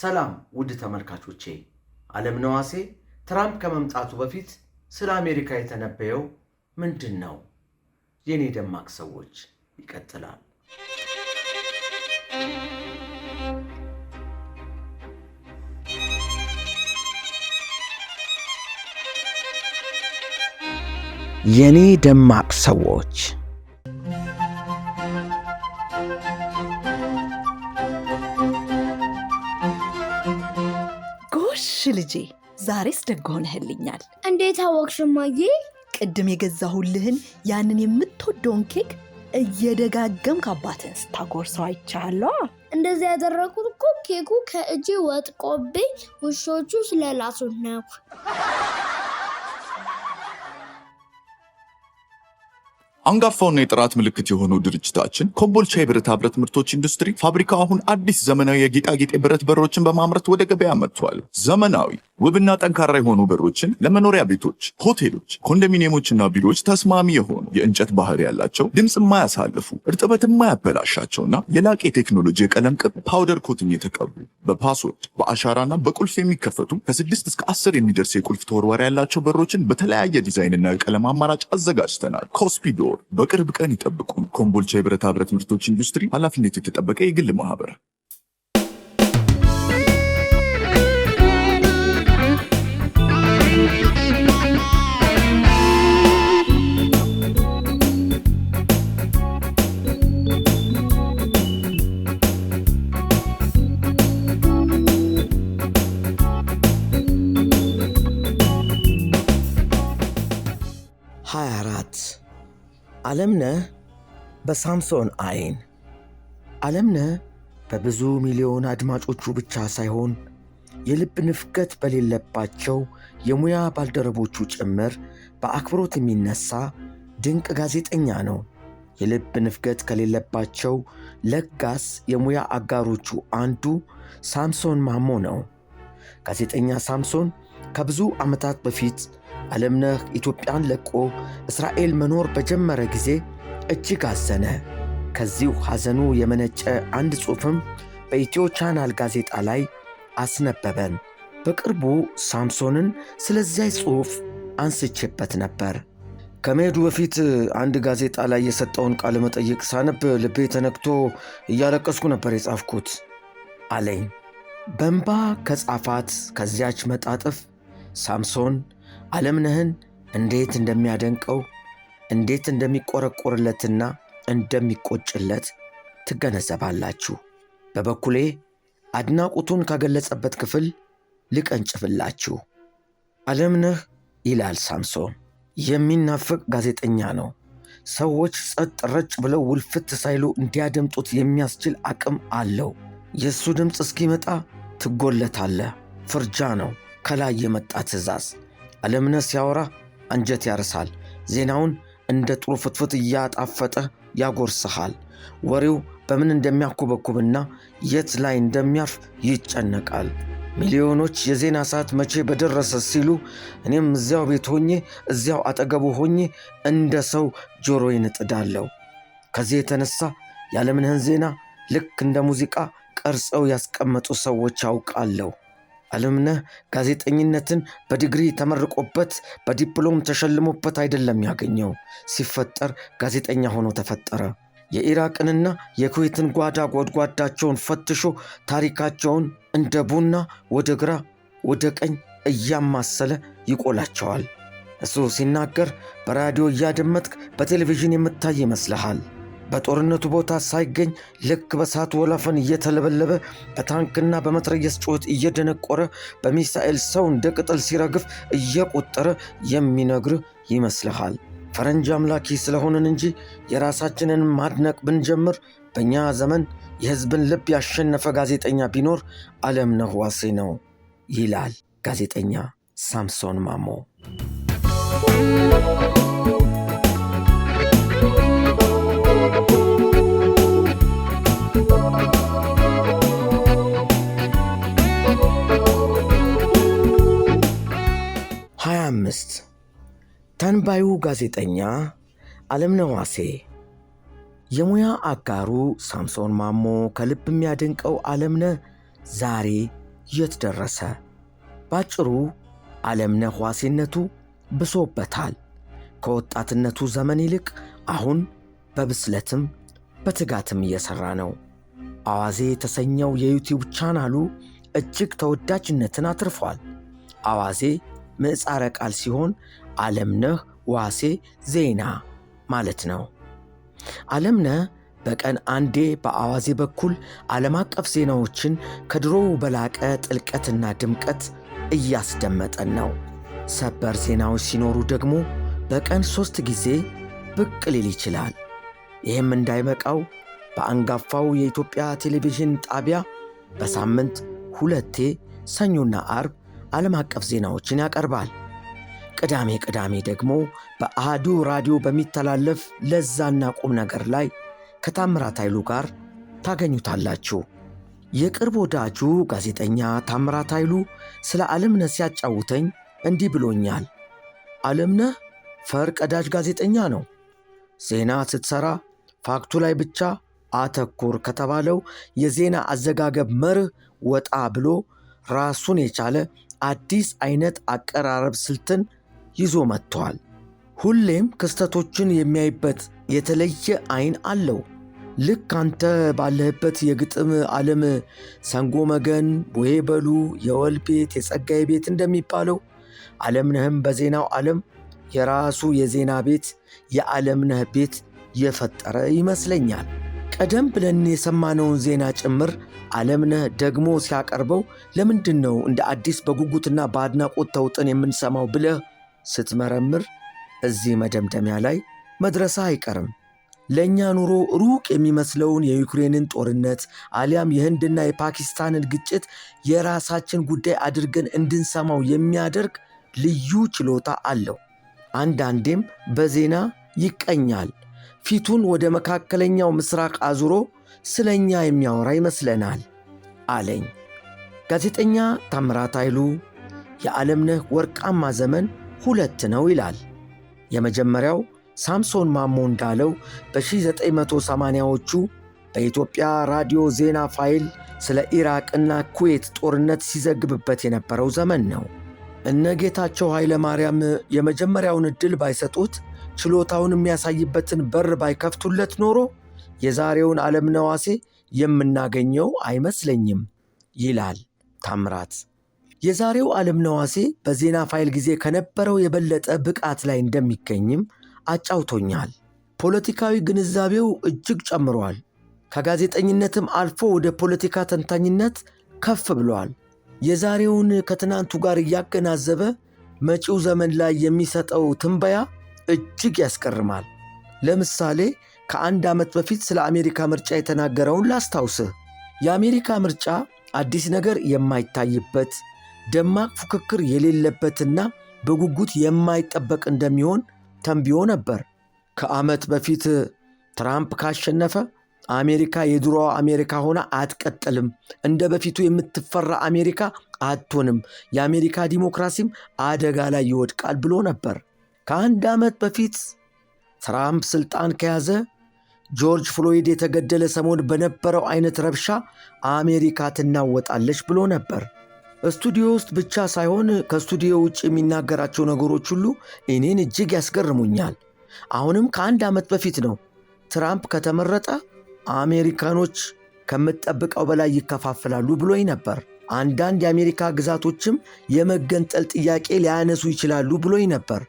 ሰላም ውድ ተመልካቾቼ፣ ዓለም ነዋሴ ትራምፕ ከመምጣቱ በፊት ስለ አሜሪካ የተነበየው ምንድን ነው? የእኔ ደማቅ ሰዎች ይቀጥላል። የኔ ደማቅ ሰዎች ልጄ ዛሬስ ደግ ሆነህልኛል። እንዴት አወቅሽ እማዬ? ቅድም የገዛሁልህን ያንን የምትወደውን ኬክ እየደጋገምክ አባትህን ስታጎርሰው አይቻለዋ። እንደዚህ ያደረጉት እኮ ኬኩ ከእጄ ወጥቆብኝ ውሾቹ ስለላሱት ነው። አንጋፋውና የጥራት ምልክት የሆነው ድርጅታችን ኮምቦልቻ የብረታ ብረት ምርቶች ኢንዱስትሪ ፋብሪካ አሁን አዲስ ዘመናዊ የጌጣጌጥ የብረት በሮችን በማምረት ወደ ገበያ መጥቷል። ዘመናዊ ውብና ጠንካራ የሆኑ በሮችን ለመኖሪያ ቤቶች፣ ሆቴሎች፣ ኮንዶሚኒየሞችና ቢሮዎች ተስማሚ የሆኑ የእንጨት ባህር ያላቸው ድምፅ የማያሳልፉ እርጥበት የማያበላሻቸውና የላቅ የቴክኖሎጂ የቀለም ቅብ ፓውደር ኮትኝ የተቀቡ በፓስወርድ በአሻራና በቁልፍ የሚከፈቱ ከስድስት እስከ አስር የሚደርስ የቁልፍ ተወርዋር ያላቸው በሮችን በተለያየ ዲዛይንና የቀለም አማራጭ አዘጋጅተናል። ኮስፒዶ 4 በቅርብ ቀን ይጠብቁ። ኮምቦልቻ የብረታ ብረት ምርቶች ኢንዱስትሪ ኃላፊነት የተጠበቀ የግል ማህበር አለምነ በሳምሶን አይን አለምነ በብዙ ሚሊዮን አድማጮቹ ብቻ ሳይሆን የልብ ንፍገት በሌለባቸው የሙያ ባልደረቦቹ ጭምር በአክብሮት የሚነሳ ድንቅ ጋዜጠኛ ነው። የልብ ንፍገት ከሌለባቸው ለጋስ የሙያ አጋሮቹ አንዱ ሳምሶን ማሞ ነው። ጋዜጠኛ ሳምሶን ከብዙ ዓመታት በፊት አለምነህ ኢትዮጵያን ለቆ እስራኤል መኖር በጀመረ ጊዜ እጅግ አዘነ። ከዚሁ ሐዘኑ የመነጨ አንድ ጽሑፍም በኢትዮ ቻናል ጋዜጣ ላይ አስነበበን። በቅርቡ ሳምሶንን ስለዚያች ጽሑፍ አንስቼበት ነበር። ከመሄዱ በፊት አንድ ጋዜጣ ላይ የሰጠውን ቃለ መጠይቅ ሳነብ ልቤ ተነክቶ እያለቀስኩ ነበር የጻፍኩት አለኝ። በእንባ ከጻፋት ከዚያች መጣጥፍ ሳምሶን አለምነህን እንዴት እንደሚያደንቀው እንዴት እንደሚቆረቆርለትና እንደሚቆጭለት ትገነዘባላችሁ። በበኩሌ አድናቆቱን ካገለጸበት ክፍል ልቀንጭፍላችሁ። አለምነህ ይላል ሳምሶን የሚናፍቅ ጋዜጠኛ ነው። ሰዎች ጸጥ ረጭ ብለው ውልፍት ሳይሉ እንዲያደምጡት የሚያስችል አቅም አለው። የእሱ ድምፅ እስኪመጣ ትጎለታለህ። ፍርጃ ነው ከላይ የመጣ ትዕዛዝ። አለምነ ሲያወራ አንጀት ያርሳል። ዜናውን እንደ ጥሩ ፍትፍት እያጣፈጠ ያጎርስሃል። ወሬው በምን እንደሚያኮበኩብና የት ላይ እንደሚያርፍ ይጨነቃል። ሚሊዮኖች የዜና ሰዓት መቼ በደረሰ ሲሉ እኔም እዚያው ቤት ሆኜ እዚያው አጠገቡ ሆኜ እንደ ሰው ጆሮዬን እጥዳለሁ። ከዚህ የተነሳ የዓለምነህን ዜና ልክ እንደ ሙዚቃ ቀርጸው ያስቀመጡ ሰዎች አውቃለሁ። አለምነህ ጋዜጠኝነትን በዲግሪ ተመርቆበት በዲፕሎም ተሸልሞበት አይደለም ያገኘው። ሲፈጠር ጋዜጠኛ ሆኖ ተፈጠረ። የኢራቅንና የኩዌትን ጓዳ ጎድጓዳቸውን ፈትሾ ታሪካቸውን እንደ ቡና ወደ ግራ ወደ ቀኝ እያማሰለ ይቆላቸዋል። እሱ ሲናገር በራዲዮ እያደመጥክ በቴሌቪዥን የምታይ ይመስልሃል። በጦርነቱ ቦታ ሳይገኝ ልክ በሳት ወላፈን እየተለበለበ በታንክና በመትረየስ ጩኸት እየደነቆረ በሚሳኤል ሰው እንደ ቅጠል ሲረግፍ እየቆጠረ የሚነግር ይመስልሃል? ፈረንጅ አምላኪ ስለሆንን እንጂ የራሳችንን ማድነቅ ብንጀምር በእኛ ዘመን የሕዝብን ልብ ያሸነፈ ጋዜጠኛ ቢኖር አለምነህ ዋሴ ነው ይላል ጋዜጠኛ ሳምሶን ማሞ። አምስት ተንባዩ ጋዜጠኛ አለምነህ ዋሴ የሙያ አጋሩ ሳምሶን ማሞ ከልብ የሚያደንቀው አለምነህ ዛሬ የት ደረሰ? ባጭሩ አለምነህ ዋሴነቱ ብሶበታል። ከወጣትነቱ ዘመን ይልቅ አሁን በብስለትም በትጋትም እየሠራ ነው። አዋዜ የተሰኘው የዩቲዩብ ቻናሉ እጅግ ተወዳጅነትን አትርፏል። አዋዜ ምዕፃረ ቃል ሲሆን አለምነህ ዋሴ ዜና ማለት ነው። አለምነህ በቀን አንዴ በአዋዜ በኩል ዓለም አቀፍ ዜናዎችን ከድሮው በላቀ ጥልቀትና ድምቀት እያስደመጠን ነው። ሰበር ዜናዎች ሲኖሩ ደግሞ በቀን ሦስት ጊዜ ብቅ ሊል ይችላል። ይህም እንዳይበቃው በአንጋፋው የኢትዮጵያ ቴሌቪዥን ጣቢያ በሳምንት ሁለቴ ሰኞና አርብ ዓለም አቀፍ ዜናዎችን ያቀርባል። ቅዳሜ ቅዳሜ ደግሞ በአህዱ ራዲዮ በሚተላለፍ ለዛና ቁም ነገር ላይ ከታምራት ኃይሉ ጋር ታገኙታላችሁ። የቅርብ ወዳጁ ጋዜጠኛ ታምራት ኃይሉ ስለ ዓለምነህ ሲያጫውተኝ እንዲህ ብሎኛል። ዓለምነህ ፈር ቀዳጅ ጋዜጠኛ ነው። ዜና ስትሠራ ፋክቱ ላይ ብቻ አተኩር ከተባለው የዜና አዘጋገብ መርህ ወጣ ብሎ ራሱን የቻለ አዲስ አይነት አቀራረብ ስልትን ይዞ መጥተዋል። ሁሌም ክስተቶችን የሚያይበት የተለየ አይን አለው። ልክ አንተ ባለህበት የግጥም ዓለም ሰንጎ መገን፣ ቡሄ በሉ፣ የወል ቤት፣ የጸጋይ ቤት እንደሚባለው ዓለምነህም በዜናው ዓለም የራሱ የዜና ቤት የዓለምነህ ቤት የፈጠረ ይመስለኛል። ቀደም ብለን የሰማነውን ዜና ጭምር ዓለምነህ ደግሞ ሲያቀርበው ለምንድን ነው እንደ አዲስ በጉጉትና በአድናቆት ተውጥን የምንሰማው ብለህ ስትመረምር እዚህ መደምደሚያ ላይ መድረሳ አይቀርም። ለእኛ ኑሮ ሩቅ የሚመስለውን የዩክሬንን ጦርነት አሊያም የህንድና የፓኪስታንን ግጭት የራሳችን ጉዳይ አድርገን እንድንሰማው የሚያደርግ ልዩ ችሎታ አለው። አንዳንዴም በዜና ይቀኛል። ፊቱን ወደ መካከለኛው ምስራቅ አዙሮ ስለ እኛ የሚያወራ ይመስለናል አለኝ። ጋዜጠኛ ታምራት ኃይሉ የዓለምነህ ወርቃማ ዘመን ሁለት ነው ይላል። የመጀመሪያው ሳምሶን ማሞ እንዳለው በ1980ዎቹ በኢትዮጵያ ራዲዮ ዜና ፋይል ስለ ኢራቅና ኩዌት ጦርነት ሲዘግብበት የነበረው ዘመን ነው። እነ ጌታቸው ኃይለ ማርያም የመጀመሪያውን ዕድል ባይሰጡት ችሎታውን የሚያሳይበትን በር ባይከፍቱለት ኖሮ የዛሬውን ዓለም ነዋሴ የምናገኘው አይመስለኝም ይላል ታምራት። የዛሬው ዓለም ነዋሴ በዜና ፋይል ጊዜ ከነበረው የበለጠ ብቃት ላይ እንደሚገኝም አጫውቶኛል። ፖለቲካዊ ግንዛቤው እጅግ ጨምሯል። ከጋዜጠኝነትም አልፎ ወደ ፖለቲካ ተንታኝነት ከፍ ብሏል። የዛሬውን ከትናንቱ ጋር እያገናዘበ መጪው ዘመን ላይ የሚሰጠው ትንበያ እጅግ ያስቀርማል። ለምሳሌ ከአንድ ዓመት በፊት ስለ አሜሪካ ምርጫ የተናገረውን ላስታውስህ። የአሜሪካ ምርጫ አዲስ ነገር የማይታይበት ደማቅ ፉክክር የሌለበትና በጉጉት የማይጠበቅ እንደሚሆን ተንብዮ ነበር። ከዓመት በፊት ትራምፕ ካሸነፈ አሜሪካ የድሮዋ አሜሪካ ሆና አትቀጥልም፣ እንደ በፊቱ የምትፈራ አሜሪካ አትሆንም፣ የአሜሪካ ዲሞክራሲም አደጋ ላይ ይወድቃል ብሎ ነበር። ከአንድ ዓመት በፊት ትራምፕ ስልጣን ከያዘ ጆርጅ ፍሎይድ የተገደለ ሰሞን በነበረው አይነት ረብሻ አሜሪካ ትናወጣለች ብሎ ነበር። ስቱዲዮ ውስጥ ብቻ ሳይሆን ከስቱዲዮ ውጭ የሚናገራቸው ነገሮች ሁሉ እኔን እጅግ ያስገርሙኛል። አሁንም ከአንድ ዓመት በፊት ነው ትራምፕ ከተመረጠ አሜሪካኖች ከምጠብቀው በላይ ይከፋፍላሉ ብሎኝ ነበር። አንዳንድ የአሜሪካ ግዛቶችም የመገንጠል ጥያቄ ሊያነሱ ይችላሉ ብሎኝ ነበር።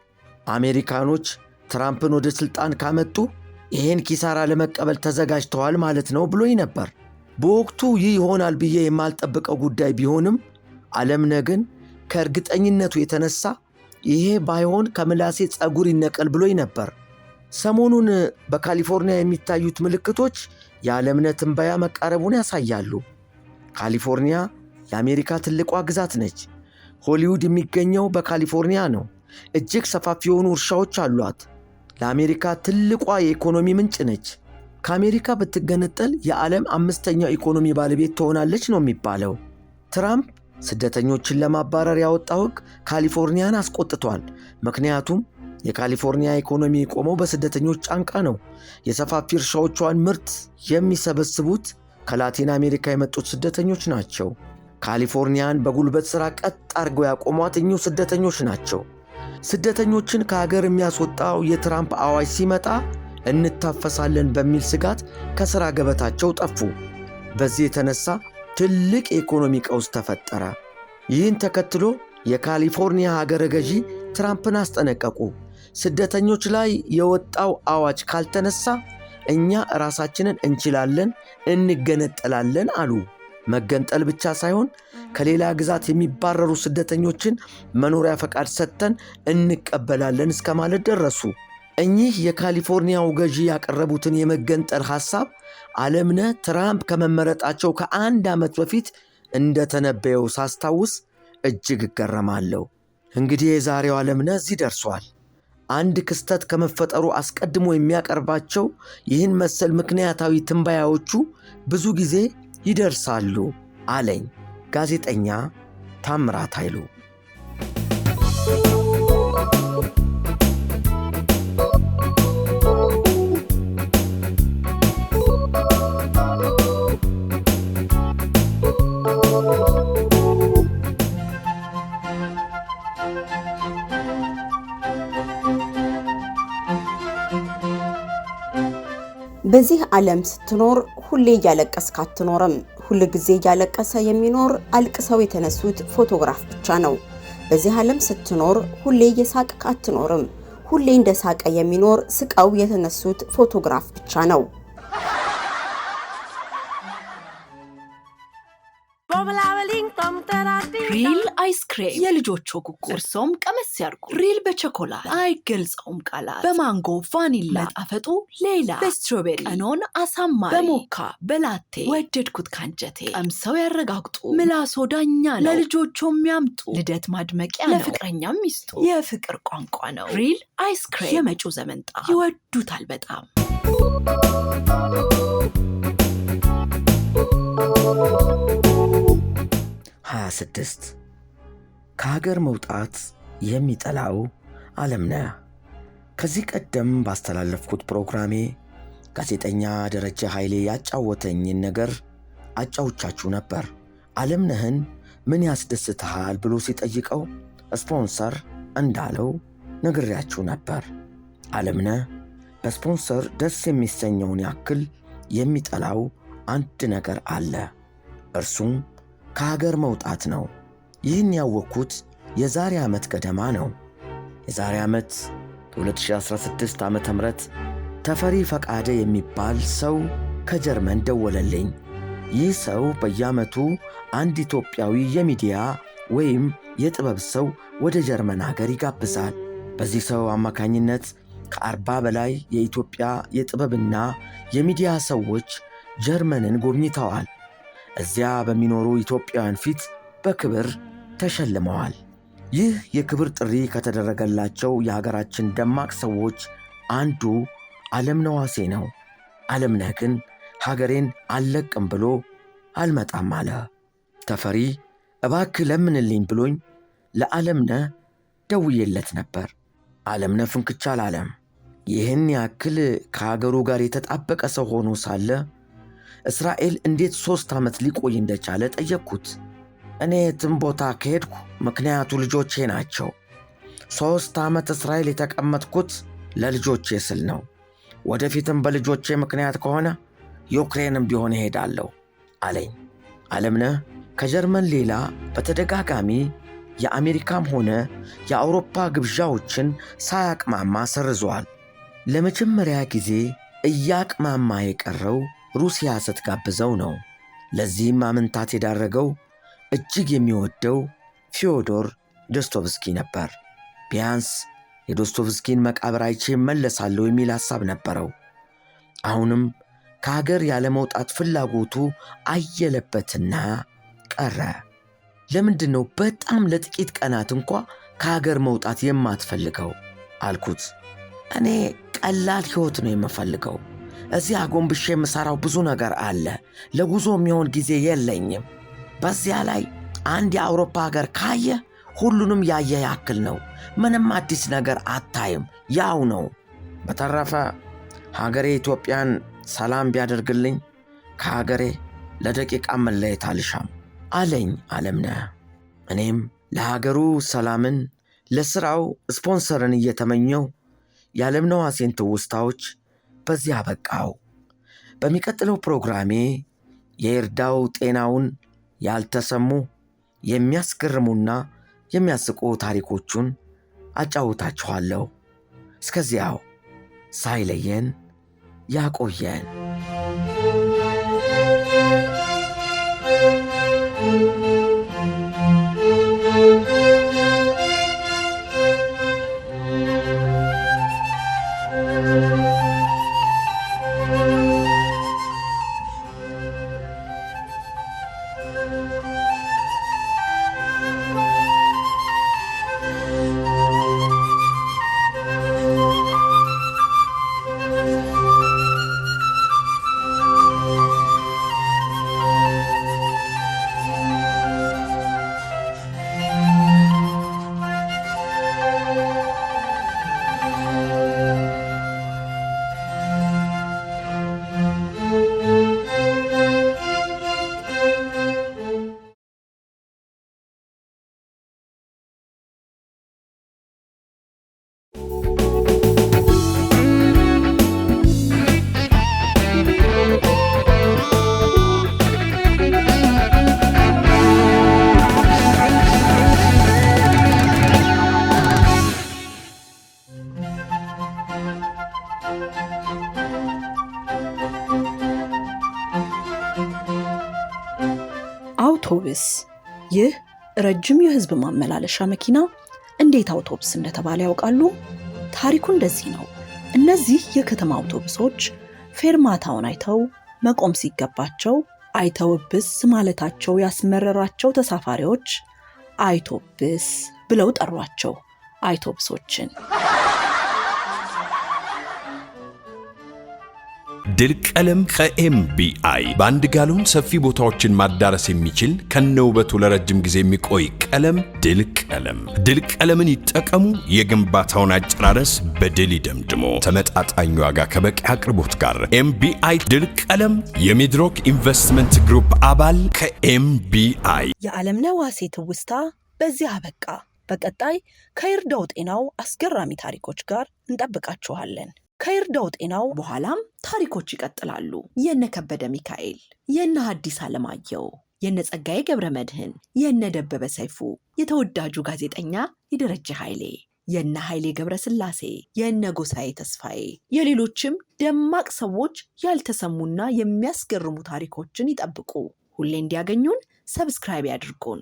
አሜሪካኖች ትራምፕን ወደ ሥልጣን ካመጡ ይህን ኪሳራ ለመቀበል ተዘጋጅተዋል ማለት ነው ብሎኝ ነበር። በወቅቱ ይህ ይሆናል ብዬ የማልጠብቀው ጉዳይ ቢሆንም አለምነ ግን ከእርግጠኝነቱ የተነሳ ይሄ ባይሆን ከምላሴ ጸጉር ይነቀል ብሎኝ ነበር። ሰሞኑን በካሊፎርኒያ የሚታዩት ምልክቶች የዓለምነ ትንበያ መቃረቡን ያሳያሉ። ካሊፎርኒያ የአሜሪካ ትልቋ ግዛት ነች። ሆሊውድ የሚገኘው በካሊፎርኒያ ነው። እጅግ ሰፋፊ የሆኑ እርሻዎች አሏት። ለአሜሪካ ትልቋ የኢኮኖሚ ምንጭ ነች። ከአሜሪካ ብትገነጠል የዓለም አምስተኛው ኢኮኖሚ ባለቤት ትሆናለች ነው የሚባለው። ትራምፕ ስደተኞችን ለማባረር ያወጣው ሕግ ካሊፎርኒያን አስቆጥቷል። ምክንያቱም የካሊፎርኒያ ኢኮኖሚ የቆመው በስደተኞች ጫንቃ ነው። የሰፋፊ እርሻዎቿን ምርት የሚሰበስቡት ከላቲን አሜሪካ የመጡት ስደተኞች ናቸው። ካሊፎርኒያን በጉልበት ሥራ ቀጥ አድርገው ያቆሟት እኚሁ ስደተኞች ናቸው። ስደተኞችን ከሀገር የሚያስወጣው የትራምፕ አዋጅ ሲመጣ እንታፈሳለን በሚል ስጋት ከሥራ ገበታቸው ጠፉ። በዚህ የተነሳ ትልቅ የኢኮኖሚ ቀውስ ተፈጠረ። ይህን ተከትሎ የካሊፎርኒያ ሀገረ ገዢ ትራምፕን አስጠነቀቁ። ስደተኞች ላይ የወጣው አዋጅ ካልተነሳ እኛ ራሳችንን እንችላለን፣ እንገነጠላለን አሉ። መገንጠል ብቻ ሳይሆን ከሌላ ግዛት የሚባረሩ ስደተኞችን መኖሪያ ፈቃድ ሰጥተን እንቀበላለን እስከ ማለት ደረሱ። እኚህ የካሊፎርኒያው ገዢ ያቀረቡትን የመገንጠል ሐሳብ አለምነ ትራምፕ ከመመረጣቸው ከአንድ ዓመት በፊት እንደተነበየው ሳስታውስ እጅግ እገረማለሁ። እንግዲህ የዛሬው አለምነ እዚህ ደርሷል። አንድ ክስተት ከመፈጠሩ አስቀድሞ የሚያቀርባቸው ይህን መሰል ምክንያታዊ ትንባያዎቹ ብዙ ጊዜ ይደርሳሉ አለኝ። ጋዜጠኛ ታምራት ኃይሉ በዚህ ዓለም ስትኖር ሁሌ እያለቀስክ አትኖርም። ጊዜ እያለቀሰ የሚኖር አልቅሰው የተነሱት ፎቶግራፍ ብቻ ነው። በዚህ ዓለም ስትኖር ሁሌ እየሳቅክ አትኖርም። ሁሌ እንደ ሳቀ የሚኖር ስቀው የተነሱት ፎቶግራፍ ብቻ ነው። ሪል አይስክሬም የልጆቹ ኩኩ እርሶም ቀመስ ያድርጉ። ሪል በቸኮላት አይገልጸውም ቃላት፣ በማንጎ ቫኒላ ጣፈጡ ሌላ፣ በስትሮቤሪ ቀኖን አሳማሪ፣ በሞካ በላቴ ወደድኩት ካንጀቴ። ቀምሰው ያረጋግጡ፣ ምላሶ ዳኛ ነው። ለልጆቹ የሚያምጡ ልደት ማድመቂያ ነው፣ ለፍቅረኛም ሚስጡ የፍቅር ቋንቋ ነው። ሪል አይስክሬም የመጪው ዘመን ጣ ይወዱታል በጣም። Thank you. 26 ከሀገር መውጣት የሚጠላው ነ ከዚህ ቀደም ባስተላለፍኩት ፕሮግራሜ ጋዜጠኛ ደረጀ ኃይሌ ያጫወተኝን ነገር አጫውቻችሁ ነበር። አለምነህን ምን ያስደስትሃል ብሎ ሲጠይቀው ስፖንሰር እንዳለው ነግሬያችሁ ነበር። አለምነህ በስፖንሰር ደስ የሚሰኘውን ያክል የሚጠላው አንድ ነገር አለ። እርሱም ከሀገር መውጣት ነው። ይህን ያወቅኩት የዛሬ ዓመት ገደማ ነው። የዛሬ ዓመት በ2016 ዓ ም ተፈሪ ፈቃደ የሚባል ሰው ከጀርመን ደወለልኝ። ይህ ሰው በየዓመቱ አንድ ኢትዮጵያዊ የሚዲያ ወይም የጥበብ ሰው ወደ ጀርመን አገር ይጋብዛል። በዚህ ሰው አማካኝነት ከአርባ በላይ የኢትዮጵያ የጥበብና የሚዲያ ሰዎች ጀርመንን ጎብኝተዋል። እዚያ በሚኖሩ ኢትዮጵያውያን ፊት በክብር ተሸልመዋል። ይህ የክብር ጥሪ ከተደረገላቸው የሀገራችን ደማቅ ሰዎች አንዱ ዓለምነህ ዋሴ ነው። ዓለምነህ ግን ሀገሬን አልለቅም ብሎ አልመጣም አለ። ተፈሪ እባክህ ለምንልኝ ብሎኝ ለዓለምነህ ደውዬለት ነበር። ዓለምነህ ፍንክቻ አላለም። ይህን ያክል ከሀገሩ ጋር የተጣበቀ ሰው ሆኖ ሳለ እስራኤል እንዴት ሦስት ዓመት ሊቆይ እንደቻለ ጠየቅኩት። እኔ የትም ቦታ ከሄድኩ ምክንያቱ ልጆቼ ናቸው። ሦስት ዓመት እስራኤል የተቀመጥኩት ለልጆቼ ስል ነው። ወደፊትም በልጆቼ ምክንያት ከሆነ ዩክሬንም ቢሆን እሄዳለሁ አለኝ። ዓለምነህ ከጀርመን ሌላ በተደጋጋሚ የአሜሪካም ሆነ የአውሮፓ ግብዣዎችን ሳያቅማማ ሰርዟል። ለመጀመሪያ ጊዜ እያቅማማ የቀረው ሩሲያ ስትጋብዘው ነው። ለዚህም አመንታት የዳረገው እጅግ የሚወደው ፊዮዶር ዶስቶቭስኪ ነበር። ቢያንስ የዶስቶቭስኪን መቃብር አይቼ መለሳለሁ የሚል ሐሳብ ነበረው። አሁንም ከሀገር ያለመውጣት ፍላጎቱ አየለበትና ቀረ። ለምንድን ነው በጣም ለጥቂት ቀናት እንኳ ከሀገር መውጣት የማትፈልገው? አልኩት። እኔ ቀላል ሕይወት ነው የምፈልገው እዚህ አጎንብሼ የምሠራው ብዙ ነገር አለ። ለጉዞ የሚሆን ጊዜ የለኝም። በዚያ ላይ አንድ የአውሮፓ ሀገር ካየ ሁሉንም ያየ ያክል ነው። ምንም አዲስ ነገር አታይም፣ ያው ነው። በተረፈ ሀገሬ ኢትዮጵያን ሰላም ቢያደርግልኝ ከሀገሬ ለደቂቃ መለየት አልሻም አለኝ አለምነህ። እኔም ለሀገሩ ሰላምን፣ ለሥራው ስፖንሰርን እየተመኘው የዓለምነህ ዋሴን ትውስታዎች በዚያ በቃው። በሚቀጥለው ፕሮግራሜ የይርዳው ጤናውን ያልተሰሙ የሚያስገርሙና የሚያስቁ ታሪኮቹን አጫውታችኋለሁ። እስከዚያው ሳይለየን ያቆየን። አውቶብስ ይህ ረጅም የህዝብ ማመላለሻ መኪና እንዴት አውቶብስ እንደተባለ ያውቃሉ? ታሪኩ እንደዚህ ነው። እነዚህ የከተማ አውቶቡሶች ፌርማታውን አይተው መቆም ሲገባቸው አይተውብስ ማለታቸው ያስመረራቸው ተሳፋሪዎች አይቶብስ ብለው ጠሯቸው አይቶብሶችን። ድል ቀለም ከኤምቢአይ በአንድ ጋሎን ሰፊ ቦታዎችን ማዳረስ የሚችል ከነውበቱ ለረጅም ጊዜ የሚቆይ ቀለም ድል ቀለም። ድል ቀለምን ይጠቀሙ። የግንባታውን አጨራረስ በድል ይደምድሞ። ተመጣጣኝ ዋጋ ከበቂ አቅርቦት ጋር ኤምቢአይ ድል ቀለም የሚድሮክ ኢንቨስትመንት ግሩፕ አባል ከኤምቢአይ። የዓለም ነዋሴ ትውስታ በዚህ አበቃ። በቀጣይ ከይርዳው ጤናው አስገራሚ ታሪኮች ጋር እንጠብቃችኋለን። ከይርዳው ጤናው በኋላም ታሪኮች ይቀጥላሉ። የነ ከበደ ሚካኤል፣ የነ ሐዲስ ዓለማየሁ፣ የነ ጸጋዬ ገብረ መድህን፣ የነ ደበበ ሰይፉ፣ የተወዳጁ ጋዜጠኛ የደረጀ ኃይሌ፣ የነ ኃይሌ ገብረ ስላሴ፣ የነ ጎሳዬ ተስፋዬ፣ የሌሎችም ደማቅ ሰዎች ያልተሰሙና የሚያስገርሙ ታሪኮችን ይጠብቁ። ሁሌ እንዲያገኙን ሰብስክራይብ ያድርጉን።